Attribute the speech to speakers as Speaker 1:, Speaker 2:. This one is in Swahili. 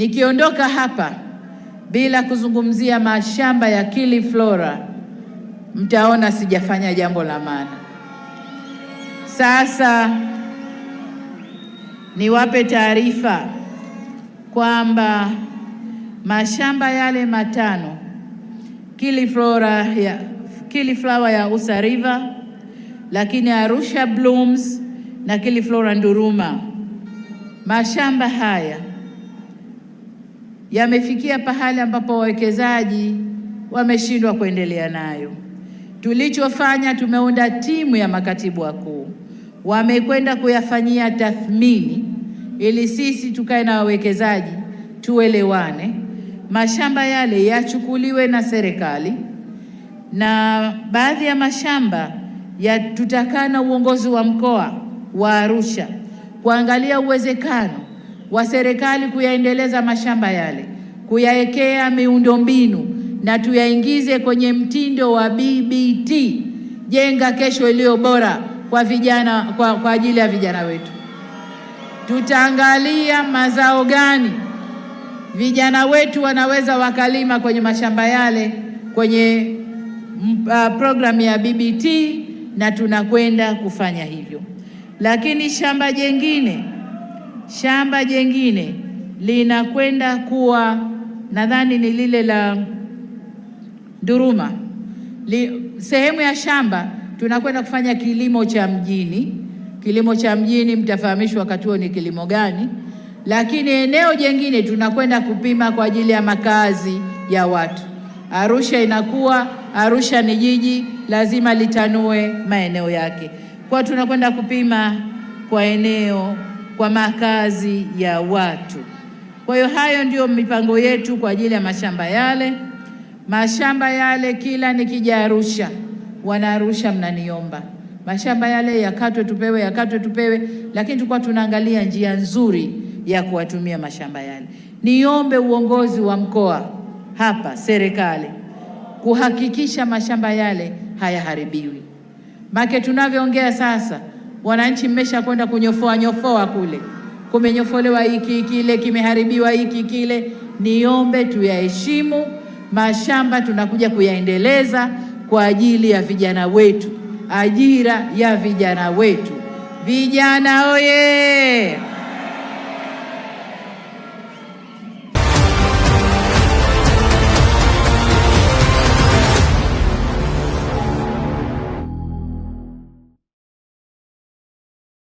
Speaker 1: Nikiondoka hapa bila kuzungumzia mashamba ya Kiliflora, mtaona sijafanya jambo la maana. Sasa niwape taarifa kwamba mashamba yale matano Flora ya, Flower ya Usa River, lakini Arusha Blooms na Kiliflora Nduruma, mashamba haya yamefikia pahali ambapo wawekezaji wameshindwa kuendelea nayo. Tulichofanya, tumeunda timu ya makatibu wakuu, wamekwenda kuyafanyia tathmini ili sisi tukae na wawekezaji tuelewane, mashamba yale yachukuliwe na serikali, na baadhi ya mashamba ya tutakaa na uongozi wa mkoa wa Arusha kuangalia uwezekano wa serikali kuyaendeleza mashamba yale, kuyaekea miundombinu na tuyaingize kwenye mtindo wa BBT, jenga kesho iliyo bora kwa vijana, kwa, kwa ajili ya vijana wetu. Tutaangalia mazao gani vijana wetu wanaweza wakalima kwenye mashamba yale kwenye mm, uh, programu ya BBT, na tunakwenda kufanya hivyo, lakini shamba jengine Shamba jengine linakwenda kuwa nadhani ni lile la Nduruma li, sehemu ya shamba tunakwenda kufanya kilimo cha mjini. Kilimo cha mjini mtafahamishwa wakati huo ni kilimo gani, lakini eneo jengine tunakwenda kupima kwa ajili ya makazi ya watu. Arusha inakuwa, Arusha ni jiji, lazima litanue maeneo yake, kwa tunakwenda kupima kwa eneo kwa makazi ya watu. Kwa hiyo hayo ndiyo mipango yetu kwa ajili ya mashamba yale. Mashamba yale kila nikija Arusha, Wanaarusha mnaniomba mashamba yale yakatwe tupewe, yakatwe tupewe, lakini tulikuwa tunaangalia njia nzuri ya kuwatumia mashamba yale. Niombe uongozi wa mkoa hapa, serikali kuhakikisha mashamba yale hayaharibiwi, make tunavyoongea sasa Wananchi mmesha kwenda kunyofoa nyofoa kule, kumenyofolewa hiki kile, kimeharibiwa hiki kile. Niombe tuyaheshimu mashamba, tunakuja kuyaendeleza kwa ajili ya vijana wetu, ajira ya vijana wetu. Vijana oye!